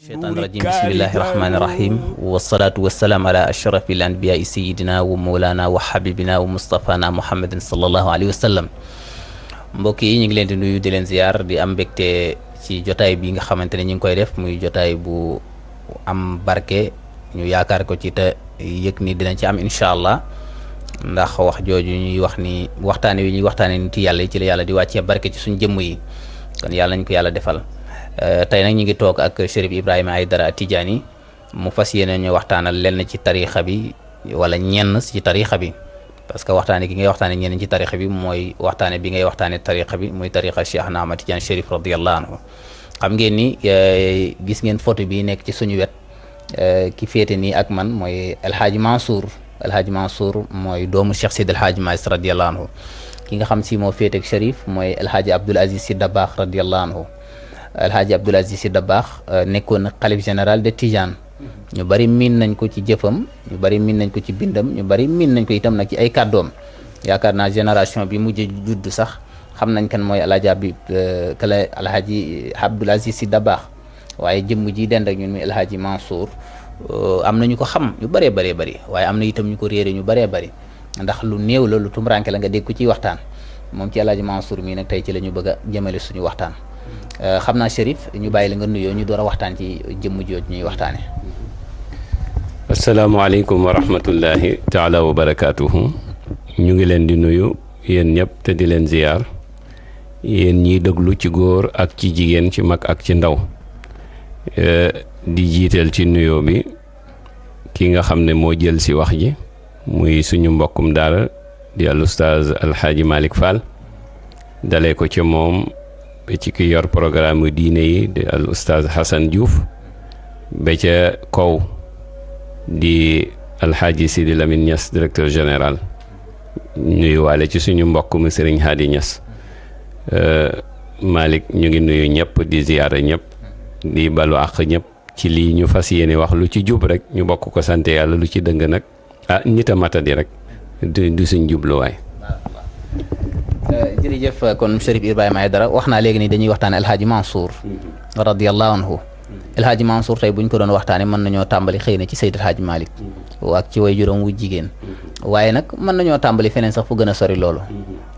sheytaan rajim bismillahi rahmaani rahim wasalaatu wasalaam ala ashrafi al anbiyaai sayidina wa moolana wa xabibina wa mustafana muhammadin salallahu alayhi wa sallam mbokk yi ñu ngi leen di nuyu di leen ziyaar di am mbégte ci jotaay bi nga xamante ne ñu ngi koy def muy jotaay bu am barke ñu yaakaar ko ci te yëg ni dinañ ci am incha allah ndax wax jooju ñuy wax ni waxtaane wi ñuy waxtaane nit yàlla yi ci la yàlla di wàccee barke ci suñ jëmm yi kon yàlla nañ ko yàlla defal Euh, tey nag ñu ngi toog ak Chérif Ibrahima Aïdara Tidiane mu fas yeneen ñu waxtaanal lenn ci tariixa bi wala ñenn ci tariixa bi parce que waxtaane gi ngay waxtaane ñenn ci tariixa bi mooy waxtaane bi ngay waxtaane tariixa bi muy tariixa Cheikh Ahmad Tidiane Chérif radiyallahu anhu xam ngeen ni euh, gis ngeen photo bi nekk ci suñu wet euh, ki féete nii ak man mooy El Hadj Mansour El Hadj Mansour mooy doomu Cheikh Seydi El Hadj Maïs radiyallahu anhu ki nga xam si moo féete ak Chérif mooy El Hadj Abdoul si Sy Dabakh radiyallahu anhu alhaaji euh, Abdoul Aziz Sy Dabakh euh, nekkoon xalif général de Tijane ñu bari miin nañ ko ci jëfam ñu bari miin nañ ko ci bindam ñu bari miin nañ ko itam nag ci ay kàddoom yaakaar naa génération bi mujj judd sax xam nañ kan mooy alhaaji Abib euh, kala alhaaji Abdoul Aziz Sy Dabakh waaye jëmm ji dend ak ñun muy alhaaji Mansour am na ñu ko xam ñu bëree bëree bari waaye am na itam ñu ko réere ñu bëree bari ndax lu néew la lu tumranke la nga dégg ko ci waxtaan moom ci alhaaji Mansour mii nag tey ci la ñu bëgg a jëmale suñu waxtaan Euh, xam naa Chérif ñu bàyyi la nga nuyoo ñu door a waxtaan ci jëmm jooj ñuy waxtaane asalaamaaleykum wa rahmatullahi taala wa ñu ngi leen di nuyu yéen ñëpp te di leen ziyaar yéen ñiy déglu ci góor ak ci jigéen ci mag ak ci ndaw euh, di jiital ci nuyoo bi ki nga xam ne moo jël si wax ji muy suñu mbokkum daara di al ustaaz alxaaji Malick Fall dale ko ci moom ba ci ki yor programme diine yi di al oustaz Hassan Diouf ba ca kaw di alxaaji Sidi Lamine Niass directeur général nuyuwaale ci suñu mbokk mu sëriñ Hadi Niass euh, Malick ñu ngi nuyu ñëpp di ziyaara ñëpp di balu àq ñëpp ci lii ñu fas yéene wax lu ci jub rek ñu bokk ko sant yàlla lu ci dëng nag ah nit a mata di rek du suñ jubluwaay jërëjëf kon Chérif Ibrahima Aïdara wax naa léegi ni dañuy waxtaane alhaaji Mansour radiallahu anhu alhaaji Mansour tey buñ ko doon waxtaane mën nañoo tàmbali xëy na ci Seyd alhaaji Malick ak ci way juróom wu jigéen waaye nag mën nañoo tàmbali feneen sax fu gën a sori loolo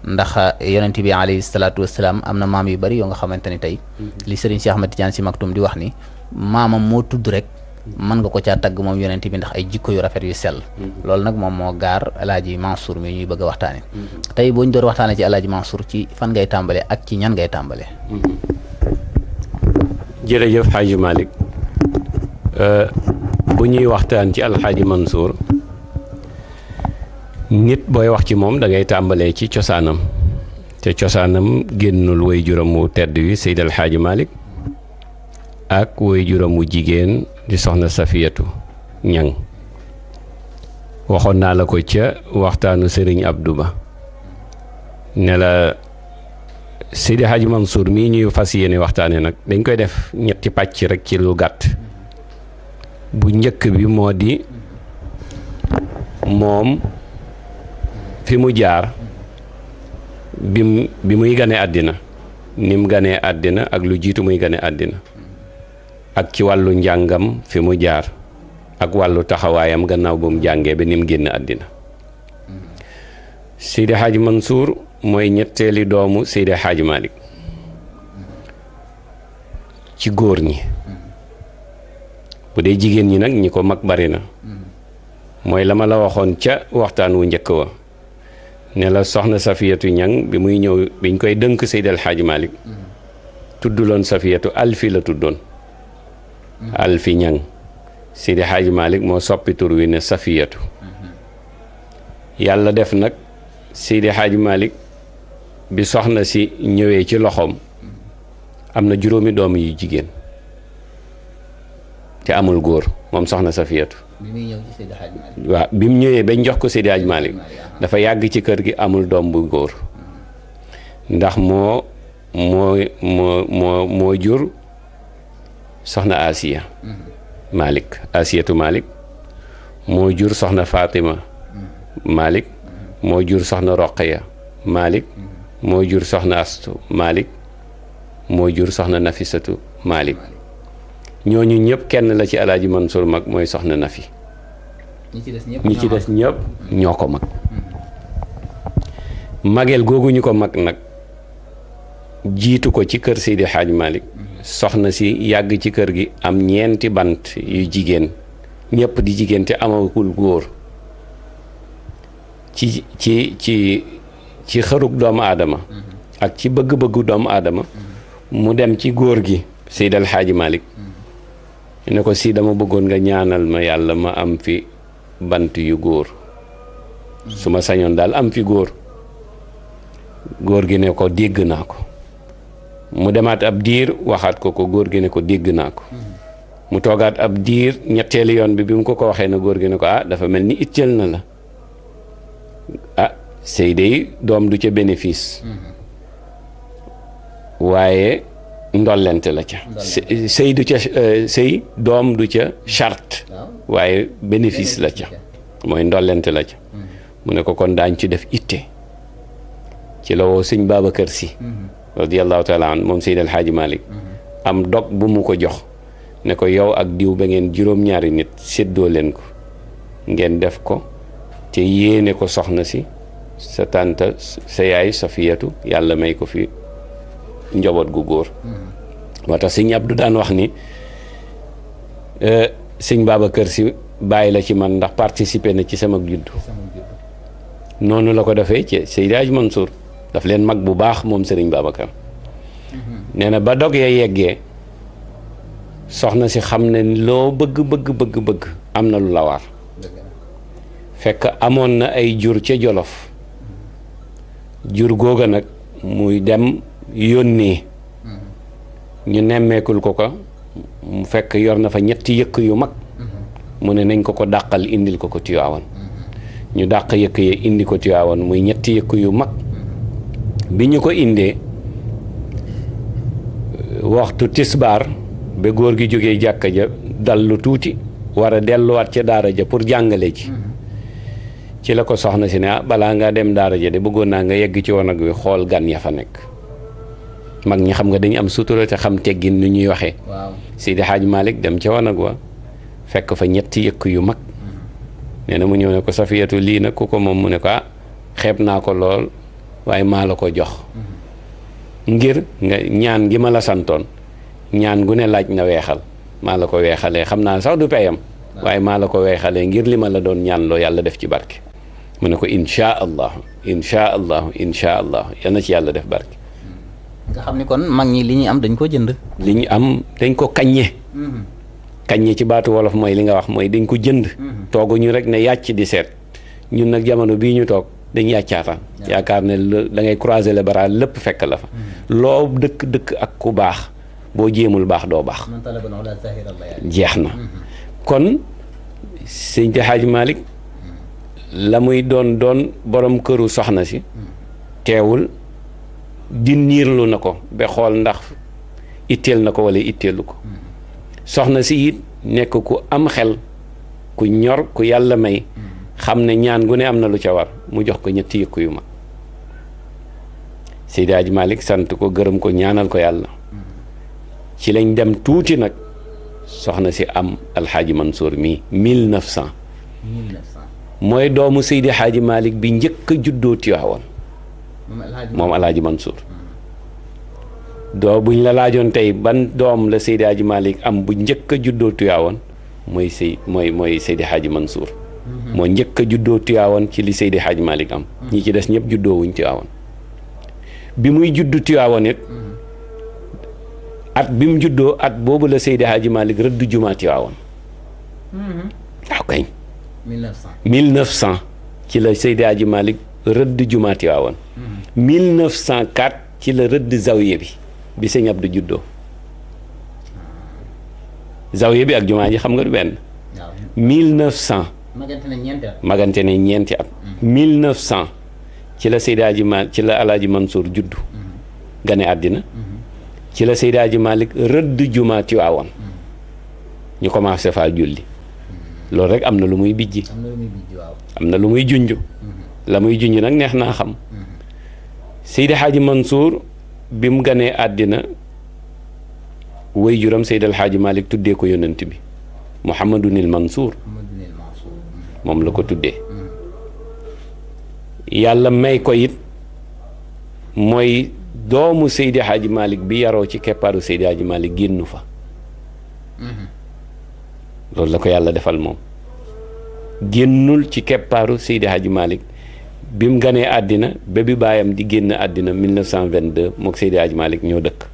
ndax yonent bi alayhi salaatu wasalaam am na maam yu bari yoo nga xamante ni tey li Serigne Cheikh Ahmed Tidiane Sy Maktoum di wax ni maamam moo tudd rek mën nga ko caa tagg moom yonent bi ndax ay jikko yu rafet yu sell mm-hmm. loolu nag moom moo gaar alaaji Mansour mi ñuy bëgg a mm-hmm. tey boo ñu doon waxtaane ci alaaji Mansour ci fan ngay ak ci ñan ngay tàmbale mm-hmm. jërëjëf xaaji Malick euh, ñuy waxtaan ci alxaaji Mansour nit booy wax ci moom da ngay tàmbalee ci cosaanam te cosaanam génnul way juróom wu tedd wi Seydal Xaaji Malik ak way juróom wu jigéen di soxna safiyatu ñang waxoon naa la ko ca waxtaanu sëriñ ab Ba ne la Seydi Hadji Mansour mii ñuy fas yéene waxtaane nag dañ koy def ñetti pàcc rek ci lu gàtt bu njëkk bi moo di moom fi mu jaar bi mu bi muy gane àddina ni mu ganee àddina ak lu jiitu muy gane àddina ak ci wàllu njàngam fi mu jaar ak wàllu taxawaayam gannaaw bu jàngee ba ni génn àddina Seydi Hadj Mansour mooy ñetteeli doomu Seydi Hadj Malick ci góor ñi bu dee jigéen ñi nag ñi ko mag bari na mooy la ma la waxoon ca waxtaan wu njëkk wa ne la soxna safiyatu ñang bi muy ñëw biñ koy dënk Seydi El Hadj Malick tudd loon safiyatu alfi la tuddoon alfi ñang Sidi Hadj moo soppi tur wi ne safiyatu yàlla def nag Sidi Hadj Malick bi soxna si ñëwee ci loxoom am na juróomi doom yu jigéen te amul góor moom soxna safiyatu waaw bi mu ñëwee bañ jox ko Sidi Hadj dafa yàgg ci kër gi amul doom bu góor mm-hmm. ndax moo moo moo moo moo jur soxna Asiya Malick Asiyatu Malick moo jur soxna Fatima Malick moo jur soxna Roqaya Malick moo jur soxna Astu Malick moo jur soxna Nafisatu Malick ñooñu ñëpp kenn la ci alaaji Mansour mag mooy soxna Nafi ñi ci des ñëpp ñoo ko mag mageel googu ñu ko mag nag jiitu ko ci kër Seydi Xaaj Malick soxna si yàgg ci kër gi am ñeenti bant yu jigéen ñépp di jigéen te amagul góor ci ci ci ci xërug doomu aadama mm-hmm. ak ci bëgg-bëggu doomu aadama mm-hmm. mu dem ci góor gi Seydi xaaji Hadji mm-hmm. ne ko si dama bëggoon nga ñaanal ma yàlla ma am fi bant yu góor su ma sañoon daal am fi góor góor gi ne ko dégg naa ko mu demaat ab diir waxaat ko ko góor gi ne ko dégg naa ko mu toogaat ab diir ñetteelu yoon bi bi mu ko ko waxee na góor gi ne ko ah dafa mel ni itteel na la ah sëy day doom du ca bénéfice waaye ndollente la ca sëy ca euh, sëy doom du ca chart waaye bénéfice la ca mooy ndollente la ca mm-hmm. mu ne ko kon daañ ci def itte ci la woo sëñ kër Si mm-hmm. radiallahu taala moom Seydi El Hadji Malick mhm. am dog bu mu ko jox ne ko yow ak diw ba ngeen juróom-ñaari nit séddoo leen ko ngeen def ko te yéene ko soxna si sa tànta sa yaay Safiyatu yàlla may ko fi njaboot gu góor mhm. moo tax sëñ Abdou daan wax ni euh, sëñ kër si bàyyi la ci man ndax participer na ci sama juddu noonu la ko defee ci Seydi Hadji Mansour daf leen mag bu baax moom sëriñ Babacar nee na ba dog ya yeggee soxna si xam ne loo bëgg bëgg bëgg bëgg am na lu la war fekk amoon na ay jur ca jolof jur googa nag muy dem yónnee ñu nemmeekul ko ko mu fekk yor na fa ñetti yëkk yu mag mu ne nañ ko ko dàqal indil ko ko Tiwaawan ñu dàq yëkk ya indi ko Tiwaawan muy ñetti yëkk yu mag bi ñu ko indee waxtu tisbaar ba góor gi jógee jàkka ja dallu tuuti war a delluwaat ca daara ja pour jàngale ci mm-hmm. ci la ko soxna si ne ah balaa ngaa dem daara ja de bëggoon naa nga yegg ci wanag wi xool gan ya fa nekk mag ñi xam nga dañu am sutura te xam teggin nu ñuy waxee Seydi xaaj Malick dem ca wanag wa fekk fa ñetti yëkk yu mag mm-hmm. nee na mu ñëw ne ko Safiyatu lii nag ku ko moom mu ne ko ah xeeb naa ko lool waaye maa la ko jox ngir nga ñaan gi ma la santoon ñaan gu ne laaj na weexal maa la ko weexalee xam naa sax du peyam waaye maa la ko weexalee ngir li ma la doon ñaan loo yàlla def ci barke mu ne ko inchaa allahu inchaa allahu inchaa ci yàlla def barke nga xam ni kon mag ñi li ñu am dañ ko jënd li ñu am dañ ko kaññe mhm. kaññe ci baatu wolof mooy li nga wax mooy dañ ko jënd mhm. tooguñu rek ne yàcc di seet ñun nag jamono bii ñu toog dañuy àccaataan yaakaar na da ngay croisé les bras lépp fekk la fa mm. loo dëkk dëkk ak ku baax boo jéemul baax doo baax jeex na mm-hmm. kon sëñ Xaaj Malick mm. la muy doon doon borom këru soxna si mm. teewul di niirlu na ko ba xool ndax itteel na ko wala itteelu ko soxna si it nekk ku am xel ku ñor ku yàlla may xam ne ñaan gu ne am na lu ca war mu jox ko ñetti yëkku yu mag Seydi Hadji sant ko gërëm ko ñaanal ko yàlla ci lañ dem tuuti nag soxna si am alxaaji Mansour mii mille neuf cent mooy doomu sëydi Hadji Malick bi njëkk a juddoo Tiwaawoon moom alxaaji Mansour hmm. doo buñ la laajoon tey ban doom la Seydi Hadji Malick am bu njëkk a juddoo Tiwaawoon mooy sey mooy mooy Seydi Hadji Mansour Mm-hmm. moo njëkk a juddoo Tiwaawan ci li Seydi Hadj am mm-hmm. ñi ci des ñëpp juddoo wuñ Tiwaawan bi muy juddu Tiwaawan it mm-hmm. at bi mu juddoo at boobu la Seydi Hadj rëdd jumaa Tiwaawan ci la Seydi Hadj Malick rëdd jumaa Tiwaawan 1904 ci bi bi sëñ Abdu juddoo ah. zawiye bi ak jumaa ji xam nga du benn magante na ñeenti at. magante na ñeenti at. 1900 mm-hmm. ci la Seydi Hadji ci la Alaaji Mansour juddu. Mm-hmm. gane àddina. Mm-hmm. ci la Seydi Hadji Malick rëdd jumaa Tiwaawan ñu commencé faa julli. loolu rek am na lu muy bijji. am na lu muy bijji junj. la muy junj nag neex naa xam. Seydi Hadji Mansour bi mu ganee àddina way juram Seydi Alxaaji Malick tuddee ko yonent bi Mouhamadunil Mansour. moom la ko tuddee yàlla may ko it mooy doomu Seydi Hadji Malick bi yaroo ci keppaaru Seydi Hadji Malick génnu fa loolu la ko yàlla defal moom génnul ci keppaaru Seydi Hadji Malick bi mu ganee àddina ba bi baayam di génn àddina 1922 mook Seydi Hadji Malick ñoo dëkk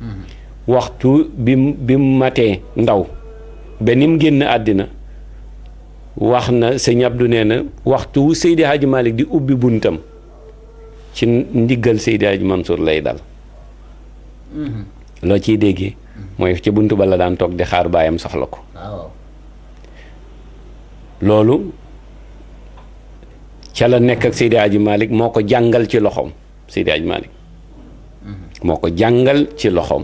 mm-hmm. waxtu bi mu bi mu matee ndaw ba ni mu génn àddina wax na sëñ Abdou nee na waxtu wu Seydi Hadji Malick di ubbi buntam ci ndiggal Seydi Hadji Mansour lay dal loo ciy déggee mooy ci bunt ba la daan toog di xaar baayam soxla ko loolu ca la nekk ak Seydi Hadji Malick moo ko jàngal ci loxoom Seydi Hadji moo ko jàngal ci loxoom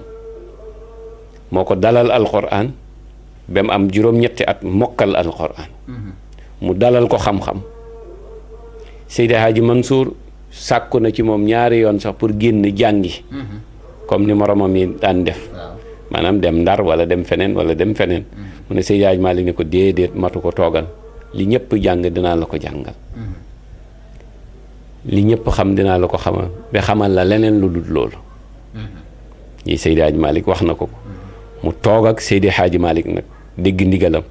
moo ko dalal alxuraan ba mu am juróom-ñetti at mokkal alxuraan mu dalal ko xam-xam Seydi Hadji Mansour sàkku na ci moom ñaari yoon sax pour génn jàngi mhm. comme ni moromam yi daan def maanaam dem ndar wala dem feneen wala dem feneen mhm. mu ne Seydi Hadji Malick ne ko déedéet matu ko toogal li ñëpp jàng la ko jàngal mhm. li ñëpp xam dinaa la ko xamal ba leneen lu dul loolu yi Seydi wax na ko mu toog ak Seydi Hadji Malick nag dégg ndigalam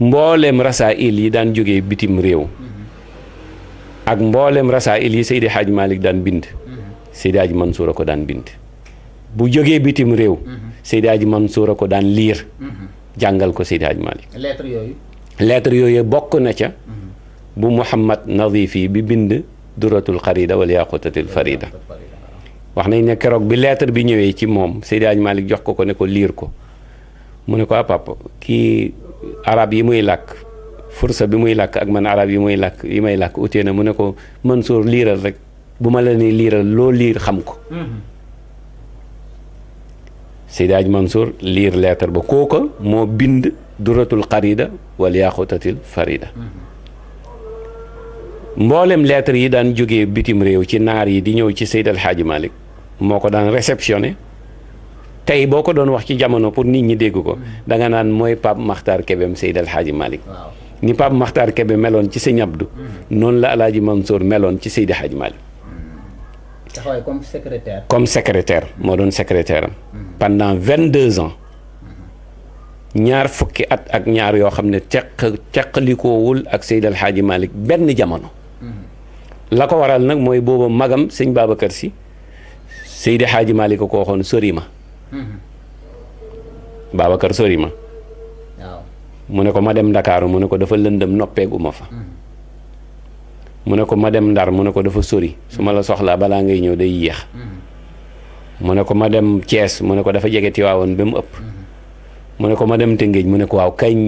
mbooleem rasaa'il yi daan jóge bitim réew ak mbooleem rasaa'il yi Seydi Hadj Malick daan bind Seydi Hadj Mansour a ko daan bind bu jógee bitim réew Seydi Hadj Mansour a ko daan liir jàngal ko Seydi Hadj Malick lettre yooyu bokk na ca bu Muhammad Nadifi bi bind duratul xarida wala yaqutatil farida wax nañ ne keroog bi lettre bi ñëwee ci moom Seydi Hadj Malick jox ko ko ne ko liir ko mu ne ko ah kii arab yi muy làkk fursa bi muy làkk ak man arab yi muy làkk yi may làkk utee na mu ne ko Mansour liiral rek bu ma la ne liiral loo liir xam ko Seydi Aj liir lettre ba kooka moo bind duratul xarida wal yaaxutatil farida mboolem lettre yi daan jógee bitim réew ci naar yi di ñëw ci Seydi El Hadji Malick moo ko daan réceptionné tey boo ko doon wax ci jamono pour nit ñi dégg ko danga naan mooy Pape Makhtar Kébem Seydi El malik Malick ni Pape Makhtar Kébé meloon ci Sëñ Abdou mm. noonu la El Hadji Mansour meloon ci Seydi Hadji Malick mm. taxawaay comme secrétaire. moo doon secrétaire am. Mm. pendant vingt deux ñaar fukki at ak ñaar yoo xam ne teq teqalikoowul ak Seydi xaaji malik benn jamono. la ko waral nag mooy booba magam sëñ Babacar si Seydi Hadji Malick ko waxoon sori ma. Mm-hmm. Babacar sori ma. mu ne ko ma dem Ndakaaru mu ne ko dafa lëndëm noppeegu ma fa. Mm-hmm. mu ne ko ma dem Ndar mu ne ko dafa sori mm-hmm. su ma la soxlaa balaa ngay ñëw day yéex. mu ne ko ma dem Thiès mu ne ko dafa jege Tiwaawoon ba mu ëpp. mu ne ko ma dem Tëngéej mu ne ko waaw kañ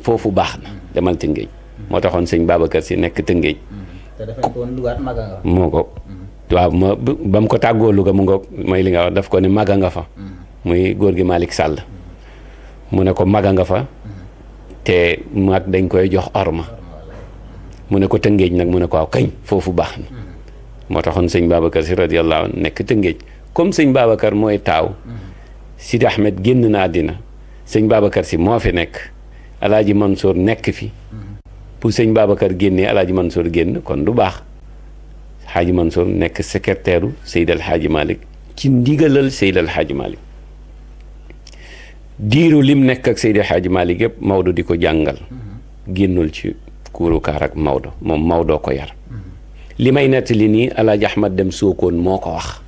foofu baax na demal Tëngéej. moo taxoon sëñ Babacar si nekk Tëngéej. te dafa ko moo ko. waaw ma ba mu ko tàggoo Louga mu ngoog mooy li nga wax daf ko ne maga nga fa. muy góor gi maalik sàll mu ne ko mag a nga fa te mag dañ koy jox orma mu ne ko tëngéej nag mu ne ko ak kañ foofu baax na moo taxoon sëñ Babacar si radiyallahu anhu nekk tëngéej comme sëñ Babacar mooy taaw Sidi Ahmed génn na àddina sëñ Babacar si moo fi nekk alaaji Mansour nekk fi pour sëñ Babacar génnee alaaji Mansour génn kon du baax xaaji Mansour nekk secrétaire u Seydal Xaaji Malick ci ndigalal Seydal Xaaji Malick diiru lim nekk ak Seydi Hadji Malick yëpp Maodo di ko jàngal génnul ci kuurukaar ak Maodo moom Maodo ko yar li may nettali nii Alaaji Ahmad dem Sokone moo ko wax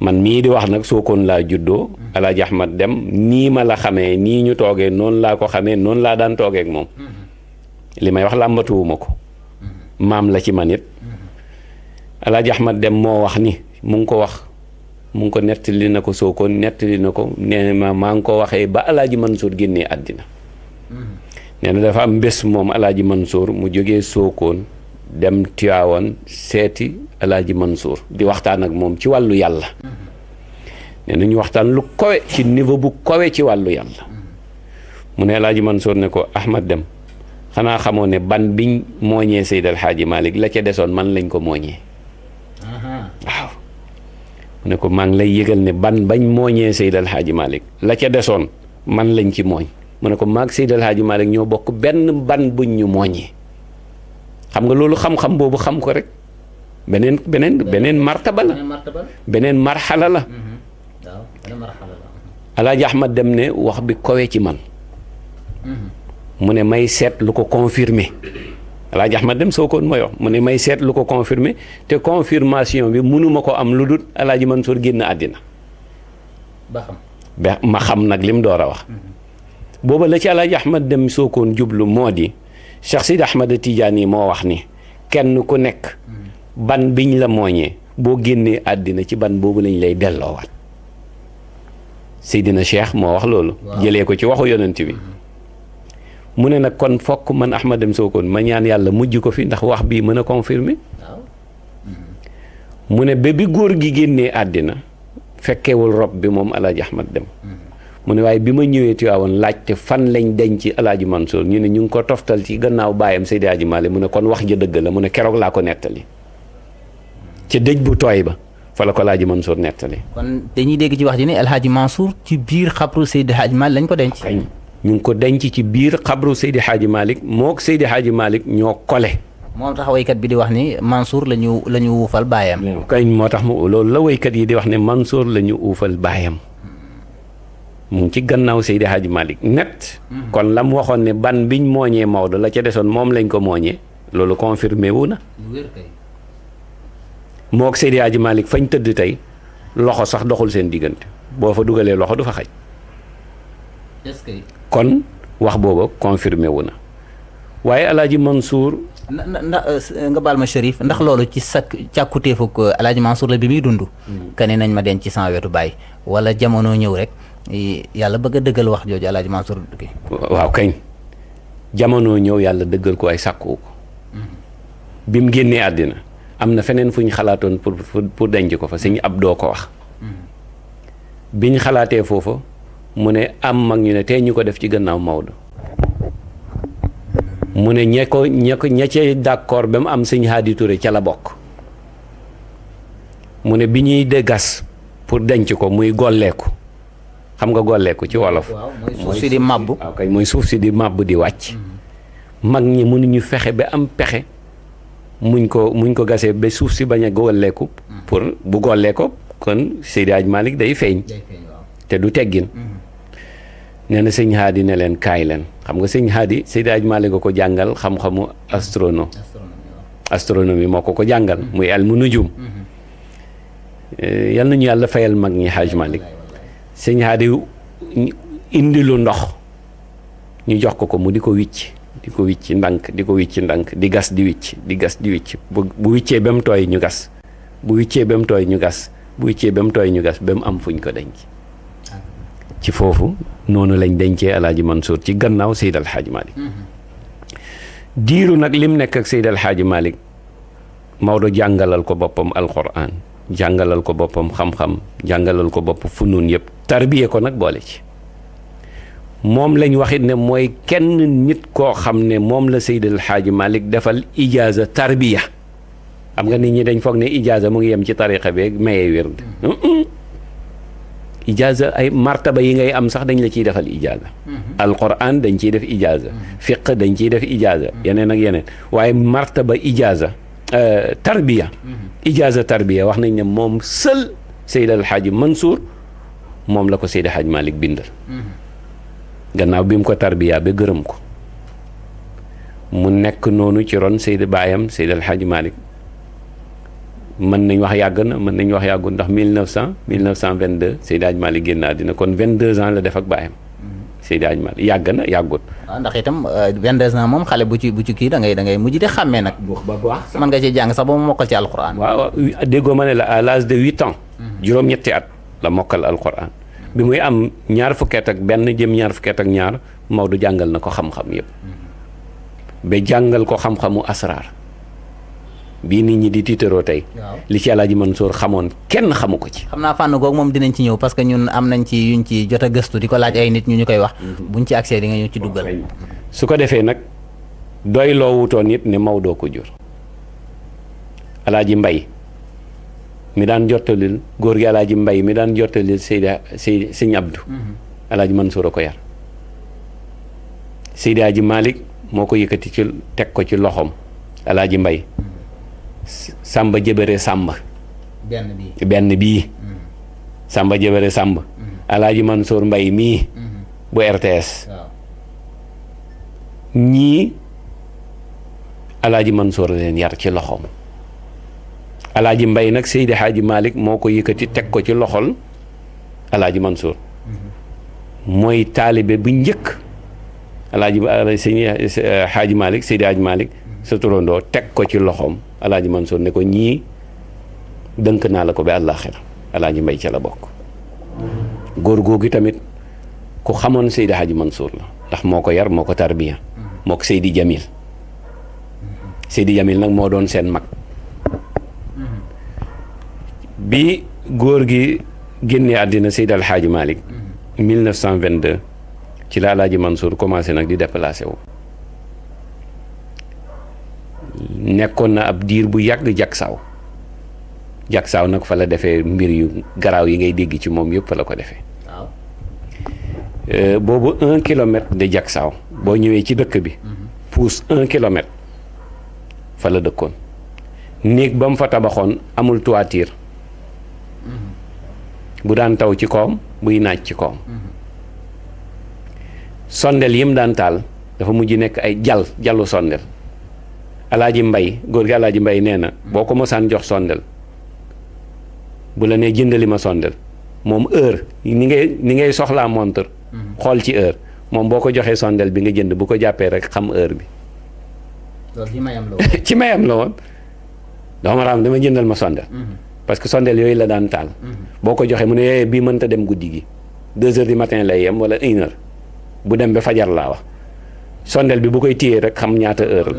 man mii di wax nag Sokone laa juddoo Alaaji Ahmad dem nii ma la xamee nii ñu toogee noonu laa ko xamee noonu laa daan toogee moom li may wax làmbatuwuma ko maam la ci man it Alaaji Ahmad dem moo wax ni mu ngi ko wax mu ngi ko nettali na ko soo ko nettali na ko nee maa ngi ko waxee ba alaaji Mansour génnee àddina mm-hmm. nee dafa am bés moom alaaji Mansour mu jógee Sookoon dem Tiwaawan seeti alaaji Mansour di waxtaan ak moom ci wàllu yàlla mm-hmm. nee na ñu waxtaan lu kowe ci niveau bu kowe ci wàllu yàlla mm-hmm. mu ne alaaji Mansour ne ko Ahmad dem xanaa xamoon ne ban biñ mooñee Seydal Xaaji Malik la ca desoon man lañ ko mooñee waaw mu ne ko maa ngi lay yëgal ne ban bañ mooñee Seydi El Hadji Malick la ca desoon man lañ ci mooñ mu ne ko maag Seydi El Hadji Malick ñoo bokk benn ban buñ ñu mooñee xam nga loolu xam-xam boobu xam ko rek beneen beneen beneen martaba la beneen marxala mhm. la alaaji Ahmad dem ne wax bi kowe ci man mhm. mu ne may seet lu ko confirmer Alaaji Ahmad dem Sokone ma yox mu ne may seet lu ko confirmer te confirmation bi mënuma ko am lu dul Alaaji Mansour génn àddina ma xam nag lim door a wax mhm. booba la ci Alaaji dem Sokone jublu moo di Cheikh Sidi Ahmad yi moo wax ni kenn ku nekk mhm. ban biñ la mooñee boo génnee àddina ci ban boobu lañ lay delloo delloowaat Seydina Cheikh moo wax loolu jëlee ko ci waxu yonent bi mhm. mu ne nag kon fokk man Ahmad dem Sokone ma ñaan yàlla mujj ko fi ndax wax bii mën a confirmer mu ne ba bi góor gi génnee àddina fekkewul rob bi moom alaaji Ahmad dem mm-hmm. mu ne waaye bi ma ñëwee Tiwaawan laajte fan lañ denc ci alaaji Mansour ñu ne ñu ngi ko toftal ci gannaaw baayam Seydi Aji Maalik mu ne kon wax ja dëgg la mu ne keroog laa ko nettali mm-hmm. ca dëj bu tooy ba fa la ko alaaji Mansour nettali kon dañuy dégg ci wax ji ne alaaji Mansour ci biir xabru Seydi Aji Maalik lañ ko denc ñu ngi ko denc ci biir xabru Seydi Hadji Malick mook Seydi Hadji Malick ñoo kole moom tax waykat bi di wax ni Mansour la ñu la ñu uufal baayam kañ moo tax mu loolu la waykat yi di wax ne Mansour la ñu uufal baayam mu ngi ci gannaaw Seydi Hadji Malick net mhm. kon la waxoon ne ban biñ mooñee Maodo la ca desoon moom lañ ko mooñee loolu confirmé wu na mook Seydi Hadji Malick fañ tëdd tey loxo sax doxul seen diggante boo fa dugalee loxo du fa xaj est-ce que kon wax booba confirmé wu na waaye alaaji Mansour. ndax euh, nga baal ma Chérif ndax loolu ci sakk càkkutéefu ko euh, alaaji Mansour la bi muy dund. Hmm. kane nañ ma denc ci sama wetu bàyyi wala jamono ñëw rek yàlla bëgg a dëggal wax jooju alaaji Mansour ki waaw kañ jamono ñëw yàlla dëggal ko ay sàkku hmm. bi mu génnee àddina am na feneen fu ñu xalaatoon pour pour denc ko fa sëñ hmm. ab doo ko wax. bi ñu xalaatee foofu mu ne am mag ñu ne tey ñu ko def ci gannaaw Maodo mu ne ñe ko ñe ko ña cee d'accord ba mu am sëñ Hadi Touré ca la bokk mu ne bi ñuy de gas pour denc ko muy golleeku xam nga golleeku ci wolof. mooy suuf si di màbb. kay mooy suuf si di màbb di wàcc. Mm-hmm. mag ñi mënuñu fexe ba am pexe muñ ko muñ ko gasee ba suuf si bañ a golleeku. Mm-hmm. pour bu gollee ko kon Seydi Aj Malick day feeñ. te du teggin. Mm-hmm. neena na sëñ Haadi ne leen kaay leen xam nga sëñ Haadi Seydi Aj Maalik nga ko jàngal xam-xamu astrono astronomie moo ko ko jàngal muy al mu nujum eh, yal nañu yàlla fayal mag ñi Haj Maalik sëñ Haadi indi ndox ñu jox ko ko mu di ko wicc di ko wicc ndànk di ko wicc ndànk di gas di wicc di gas di wicc bu bu wiccee ba mu tooy ñu gas bu wiccee ba mu tooy ñu gas bu wiccee ba mu tooy ñu gas ba mu am fuñ ko denc ci foofu noonu lañ dencee alaaji Mansour ci gannaaw seydal Alxaaji Malick mm-hmm. diiru nag lim nekk ak seydal Alxaaji Malick Maodo jàngalal ko boppam alquran jàngalal ko boppam xam-xam jàngalal ko bopp funun yëpp tarbiye ko nag boole ci moom lañ waxit ne mooy kenn nit koo xam ne moom la Seyd Alxaaji Malick defal ijaaza tarbiya xam nga nit ñi dañ foog ne ijaaza mu ngi yem ci tariqa beeg maye wird mm-hmm. ijaaza ay martaba yi ngay am sax dañ la ciy defal ijaaza mhm. alquran dañ ciy def ijaaza mhm. fiq dañ ciy def ijaaza mhm. yeneen ak yeneen waaye martaba ijaaza euh, tarbiya ijaaza tarbiya wax nañ ne moom sël Seydi El Hadji Mansour moom la ko Seydi Hadj Malick bindal gannaaw bi mu ko tarbiya ba gërëm ko mu nekk noonu ci ron Seydi baayam Seydi El Hadji mën nañ wax yàgg na mën nañ wax yàggul ndax 1900 1922 Seydi Hadj Malick génn àddina kon 22 ans la def ak baayam mm-hmm. Seydi Hadj Malick yàgg na yàggut. waaw ah, ndax itam 22 euh, ans moom xale bu ci bu ci kii da ngay da ngay mujj di xàmmee nag. mën nga ci jàng sax ba mu mokkal ci alquran. waaw déggoo ma ne la à l'âge de 8 ans. Mm-hmm. juróom-ñetti at la mokkal alquran. bi muy am ñaar fukkeet ak benn jëm ñaar fukkeet ak ñaar Maodo jàngal na ko xam-xam yëpp. Mm-hmm. ba jàngal ko xam-xamu bii nit ñi di tiitaroo tey. li ci Alaaji Mansour xamoon kenn xamu ko ci. xam naa fànn googu moom dinañ ci ñëw parce que ñun am nañ ci yuñ ci jot a gëstu di ko laaj ay nit ñu ñu koy wax. Mhm. buñ ci accès di nga ñu ci duggal. su ko defee nag doy loo wutoon it ne Maodo ko jur. Alaaji Mbay mi daan jottalil góor gi Alaaji Mbay mi daan jottalil Seyda Sey Sëñ Abdou. Mhm. Alaaji Mansour ko yar. Seydi Aji moo ko yëkkati ci teg ko ci loxoom Alaaji Mbay sàmba jëbëre sàmb benn bii benn bii mm-hmm. sàmba jëbëre sàmb mm-hmm. alaaji Mansour Mbay mii mm-hmm. bu RTS ñii alaaji Mansour leen yar ci loxoom alaaji Mbay nag Seydi Haaji Malick moo ko yëkkati teg ko ci loxol alaaji Mansour mooy taalibe bu njëkk alaaji Seydi Haaji Malick Seydi Haaji Malick sa turandoo teg ko ci loxoom alaaji Mansour ne ko ñii dënk naa la ko ba àllaaxira alaaji mbay ca la bokk góor googu tamit ku xamoon Seydi Hadji Mansour la ndax moo ko yar moo ko tarbiya moo ko Seydi Jamil Seydi Jamil nag moo doon seen mag bi góor gi génnee àddina Seydi Alxaaji Malick 1922 ci la alaaji Mansour commencé nag di déplacé wu nekkoon na ab diir bu yàgg jagsaaw jagsaaw nag fa la defee mbir yu garaaw yi ngay dégg ci moom yëpp fa la ko defe waaw euh, boobu un kilomètre de jagsaaw boo ñëwee ci dëkk bi. Mhm. pousse un kilomètre fa la dëkkoon néeg ba mu fa tabaxoon amul toiture. Mhm. bu daan taw ci kawam buy naaj ci kawam. Mhm. sondel yim daan taal dafa mujj nekk ay jal jalu sondel. alaaji mbay góor gi alaaji mbay nee na boo ko mosaan jox sondel bu la nee jëndali ma sondel moom heure ni ngay ni ngay soxlaa montre xool ci heure moom boo ko joxee sondel bi nga jënd bu ko jàppee rek xam heure bi ci mayam la woon dama raam dama jëndal ma sondel mhm. parce que sondel yooyu la daan taal mhm. boo ko joxee mu ne eh, bii mënta dem guddi gi deux heures du matin lay yem wala une heure bu dem ba fajar laa wax sondeel bi bu koy téyee rek xam ñaata heure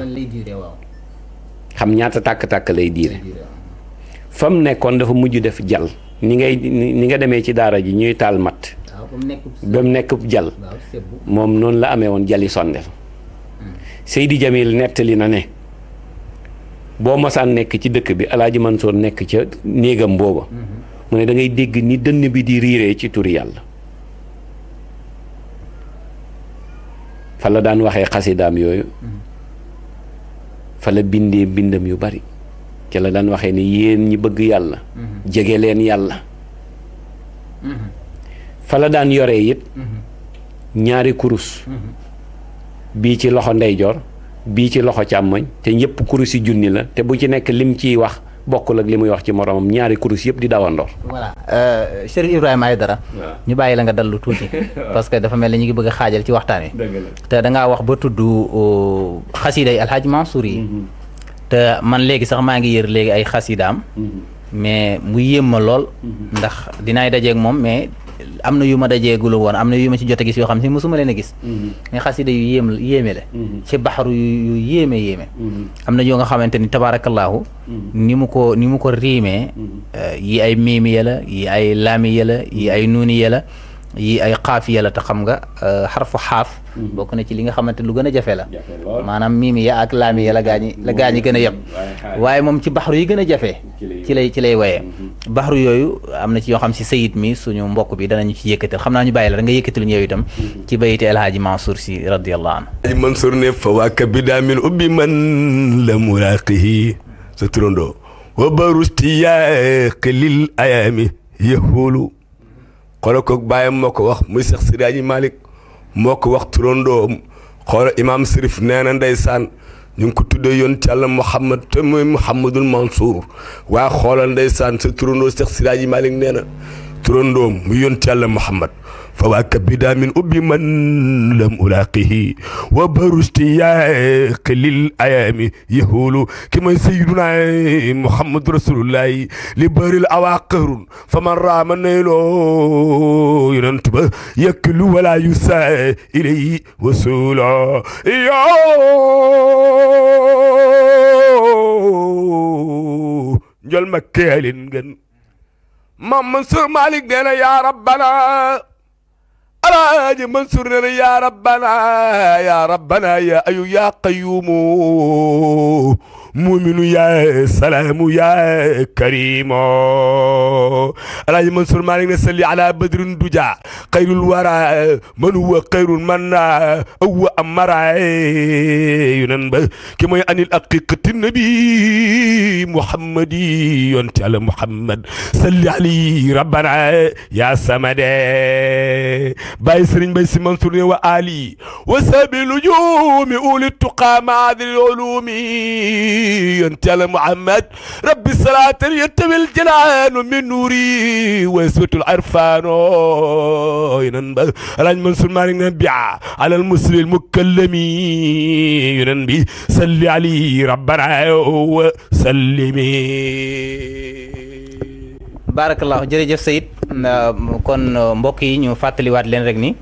xam ñaata tàkk-tàkk lay diire fa mu nekkoon dafa mujj def jal ni ngay ni nga demee ci daara ji ñuy taal matt ba mu nekk jal moom noonu la amee woon jali sondeel hmm. Seydi Jamil nettali na ne boo mosaan nekk ci dëkk bi Alaaji soo nekk ca néegam booba hmm. mu ne da dégg ni dënn bi di riiree ci turi yàlla fa la daan waxe xasidaam yooyu fa la bindee bindam yu bari ci la daan waxe ni yéen ñi bëgg yàlla mm-hmm. jege leen yàlla mm-hmm. fa la daan yore it mm-hmm. ñaari kurus bii ci loxo ndeyjoor bii ci loxo càmmoñ te ñëpp kurusi junni la te bu ci nekk lim ciy wax bokkul ak li muy wax ci moromam ñaari kurus yëpp di dawandoor. voilà Chérif euh, Ibrahima dara ñu bàyyi la nga dallu tuuti. parce que dafa mel ni ñu ngi bëgg a xaajal ci waxtaan wi. te da wax ba tudd euh, xasiday Alhaji Mansour yi. Mm-hmm. te man léegi sax maa ngi yër léegi ay xasidaam. Mm-hmm. mais mu yéem ma lool. Mm-hmm. ndax dinaay dajeeg moom mais. am na yu ma dajeegul woon am na yu ma ci jot a gis yoo xam ne mosuma leen a gis mhm. mais xasida yu yéem la mhm. ci baxaru yu yéeme yéeme mhm. am na joo nga xamante ni tabaarakallaahu ni mu ko ni mu ko riimee eh, yi ay miimi ya yi ay laami ya yi ay nuuni ya yi ay xaafiya la ta xam nga euh, xarfu xaaf hmm. bokk na ci li nga xamante lu gën a jafe la maanaam miimi ya ak laami ya la gaañi la gaañi gën a yem hmm. waaye moom ci baxru yi gën a jafe ci lay ci lay wayee hmm. baxru yooyu am na ci yoo xam si sayid mi suñu mbokk bi dana ñu ci yëkkatal xam naa ñu bàyyi la da nga yëkkatal ñu yow itam ci bayti El Hadji Mansour si radiyallahu anhu Hadji Mansour ne fa waaka bida min ubbi man la muraaqihi sa turandoo wa barustiyaaqi lil ayaami yahulu xoola ko bàyyam moo ko wax muy Seex Siraaji Malik moo ko wax turandoom xoola imaam Sirif nee na ndeysaan ñu ngi ko tuddee yoon ci Yàlla Muhammad te mooy Muhammadul Mansour waaye xoola ndeysaan se turandoo Seex Siraaji Malik nee na turandoom mu yonent yàlla Muhammad fa waaka bida min ubbi man lam ulaqihi wa barusti yaaqi lil ayaami yahulu ki may sayiduna muhammadu rasulullahi li bëril awaaqirun fa man raama nayloo yonent ba yëkkilu wala yusa ilayi wasulo yo njol ma keelin ngeen maam Mansour Malick nee na yaa rabbana alaaji Mansour nee na yaa rabbana yaa rabbana yaa ayu yaa qayyumu muminu yaa salaamu yaa karimo alaaji mansour malik ne salli ala badrin duja xayrul wara man huwa xayrul man awwa amara yu nan ba ki mooy anil aqiqati nabi muhammadi yonti ala muhammad salli ali rabbana ya samade bàyyi sëriñ bay si mansour ne wa ali wa sabi lujumi uli tuqa maadil ulumi ينت على محمد رب الصلاة ينتوي الجنان من نوري ويسوت العرفان ينبي على المنصور مالك نبيع على المسلم المكلم ينبي صلي عليه ربنا وسلمي barakallahu jërëjëf Seyid euh, kon euh, mbokk yi ñu fàttaliwaat leen rek ni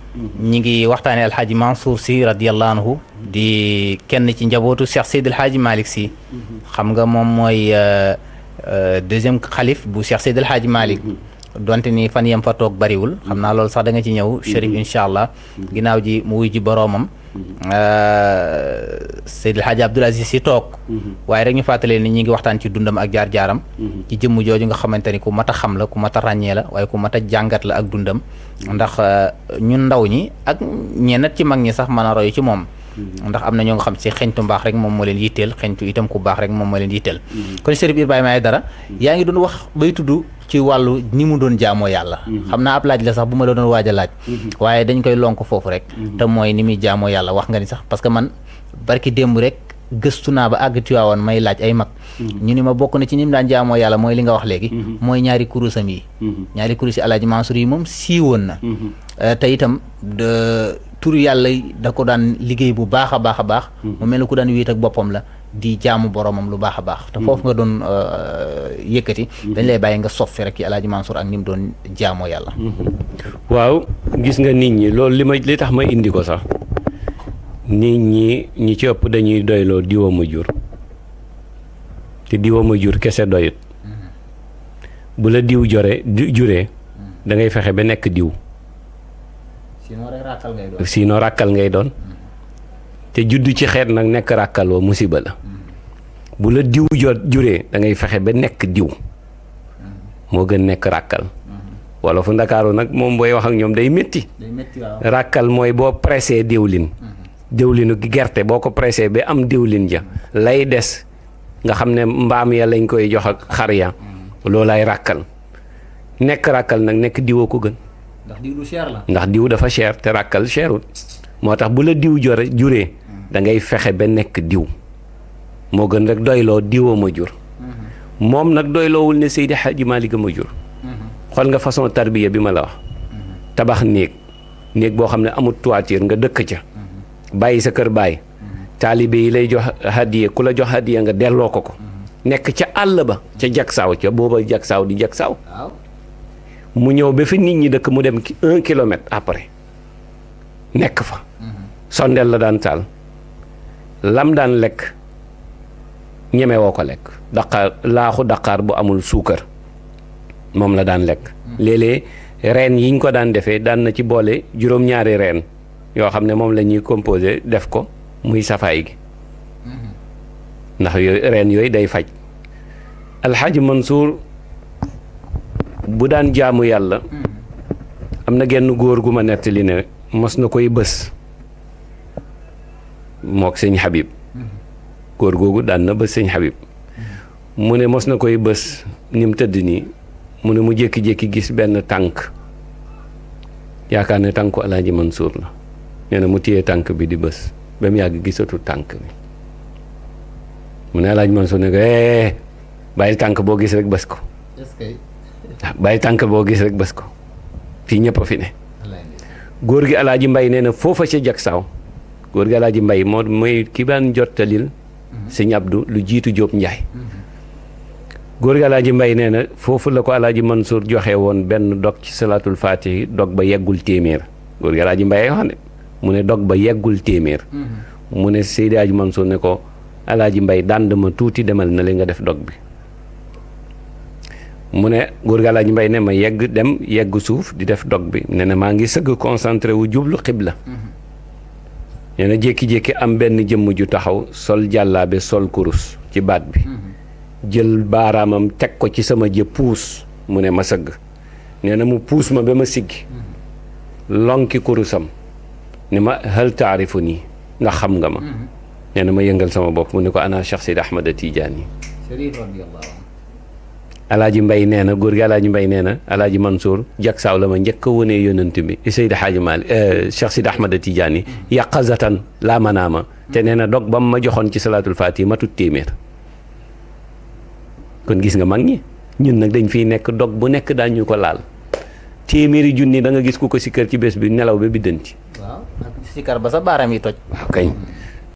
ñi ngi waxtaane alxaaji Mansour si radiallahu anhu di kenn ci njabootu Cheikh Seyid alxaaji malik si xam nga moom mooy euh, deuxième xalif bu Cheikh Seyid alxaaji Malick donte ni fan yam fa toog bariwul xam naa loolu sax danga nga ci ñëw chérif mhm. incha allah ginnaaw ji mu wuy ji boroomam Euh, Seydil Hadji Abdoul Aziz si toog mm-hmm. waaye rek ñu fàttalee ni ñi ngi waxtaan ci dundam ak jaar-jaaram mm-hmm. ci jëmm jooju nga xamante ni ku mat a xam la ku mat a ràññee la waaye ku mat a jàngat la ak dundam mm-hmm. ndax euh, ñun ndaw ñi ak ñenn ci mag ñi sax man a roy ci moom ndax am na ñoo nga xam si xeñtu mbaax rek moom moo leen yitteel xeñtu itam ku baax rek moom moo leen yitteel mm-hmm. kon Cherif Ibrahima Aïdara mm-hmm. yaa ngi doon wax bay tudd ci wàllu ni mu doon jaamoo yàlla mm-hmm. xam naa ab laaj la sax bu ma la doon waaj a laaj waaye dañ koy lonk foofu rek te mooy ni muy jaamoo yàlla wax nga ni sax parce que man barki démb rek gëstu naa ba àgg Tiwaawan may laaj ay mag mhm. ñu ni ma bokk na ci ñim daan jaamoo yàlla mooy li nga wax léegi mhm. mooy ñaari kurusam yi mhm. ñaari kurus yi alaaji Mansour yi moom siiwoon na euh, te itam tur yàlla da ko daan liggéey bu baax a baax a baax mu mel ni ku daan wéet ak boppam la di jaamu boromam lu baax a baax te foofu nga doon euh, yëkkati dañ lay bàyyi nga soppi rek ci alaaji Mansour ak ni mu doon jaamoo yàlla waaw gis nga nit ñi loolu li ma li tax ma indi ko sax nit ñi ñi ci ëpp dañuy doyloo diwa ma jur te diwa ma jur kese doyut mm-hmm. bu la diw jore juree mm-hmm. dangay fexe ba nekk diw sinon ràkkal ngay doon mm-hmm. te juddu ci xeet nag nekk ràkkal wa musiba la diw jot juree da ngay fexe ba nekk diw moo gën nekk ràkkal wala fu ndakaaru nag moom booy wax ak ñoom day métti ràkkal mooy boo pressé diwlin diwlinu gerte boo ko pressé ba am diwlin ja lay des nga xam ne mbaam ya lañ koy jox ak xar ya loolay ràkkal nekk ràkkal nag nekk diwoo ko gën. ndax diw la. ndax diw dafa cher te ràkkal cherul moo tax bu la diw jore juree mm. da ngay fexe ba nekk diw moo gën rek doyloo diwoo ma jur. Mm-hmm. moom nag doyloowul ne Seydi Hadji Malick ma jur. Mm-hmm. xol nga façon tarbiya bi ma la wax. Mm-hmm. tabax néeg néeg boo xam ne amul toiture nga dëkk ca. bàyyi sa kër bàyyi taalibe yi lay jox hadiya ku la jox hadiya nga delloo ko ko nekk ca àll ba ca jagsaaw ca booba jagsaaw di jagsaaw mu ñëw ba fi nit ñi dëkk mu dem un kilomètre après nekk fa mhm. sondeel la daan taal lam daan lekk ñemewoo ko lekk daqaar laaxu daqaar bu amul suukar moom la daan lekk mhm. léeg-léeg reen yiñ ko daan defee daan na ci boole juróom-ñaari reen yoo xam ne moom lañuy ñuy composé def ko muy safaay gi ndax yooyu reen yooyu day faj alxaaji Mansour bu daan jaamu yàlla am na genn góor gu ma nettali ne mos na koy bës mook sëñ Habib góor googu daan na bës sëñ Habib mu ne mos na koy bës ni mu tëdd nii mu ne mu jékki-jékki gis benn tànk yaakaar ne tànku alxaaji Mansour la nee na mu téye tànk bi di bës ba mu yàgg gisatu tànk bi mu ne laaj man su ne ko eh bàyyi tànk boo gis rek bës ko. Ah, bàyyi tànk boo gis rek bës ko fii ñëpp a fi ne. góor gi alaaji mbay nee na foofa ca jak saaw góor gi alaaji mbay moo mooy ki baan jottalil mhm. lu jiitu Jóob Njaay mhm. góor gi alaaji mbay nee na foofu la ko alaaji Mansour joxe woon benn dog ci salaatul faatihi dog ba yeggul téeméer góor gi alaaji mbay yoo xam ne mu ne dog ba yeggul téeméer mu ne Seydi man Mansour ne ko alaaji mbay dànd ma tuuti demal na li nga def dog bi mu ne góor gi mbay ne ma yegg dem yegg suuf di def dog bi ne na maa ngi sëgg concentré wu jublu xibla ne na jékki-jékki am benn jëmm ju taxaw sol jàllaabe sol kurus ci baat bi jël baaraamam teg ko ci sama jë puus mu ne ma sëgg nee na mu puus ma ba ma siggi lonki kurusam ni ma hal taarifu nii ndax xam nga ma mhm. nee na ma yëngal sama bopp mu ne ko ana Cheikh Sidi Ahmad Tidiane yi alaaji mbay nee na góor gi alaaji mbay nee na alaaji Mansour jak saaw la ma njëkk a wonee yonent bi eh, Seydi Hadji Mali eh, Cheikh Sidi Ahmad Tidiane yi mhm. yàqazatan laa ma te nee na dog mu ma joxoon ci salaatul faatihi matut téeméer kon gis nga mag ñi ñun nag dañ fiy nekk dog bu nekk ñu ko laal téeméeri junni da gis ku ko si kër ci bés bi nelaw ba biddan ci sikar ba sa baaraam yi toj. waaw ah,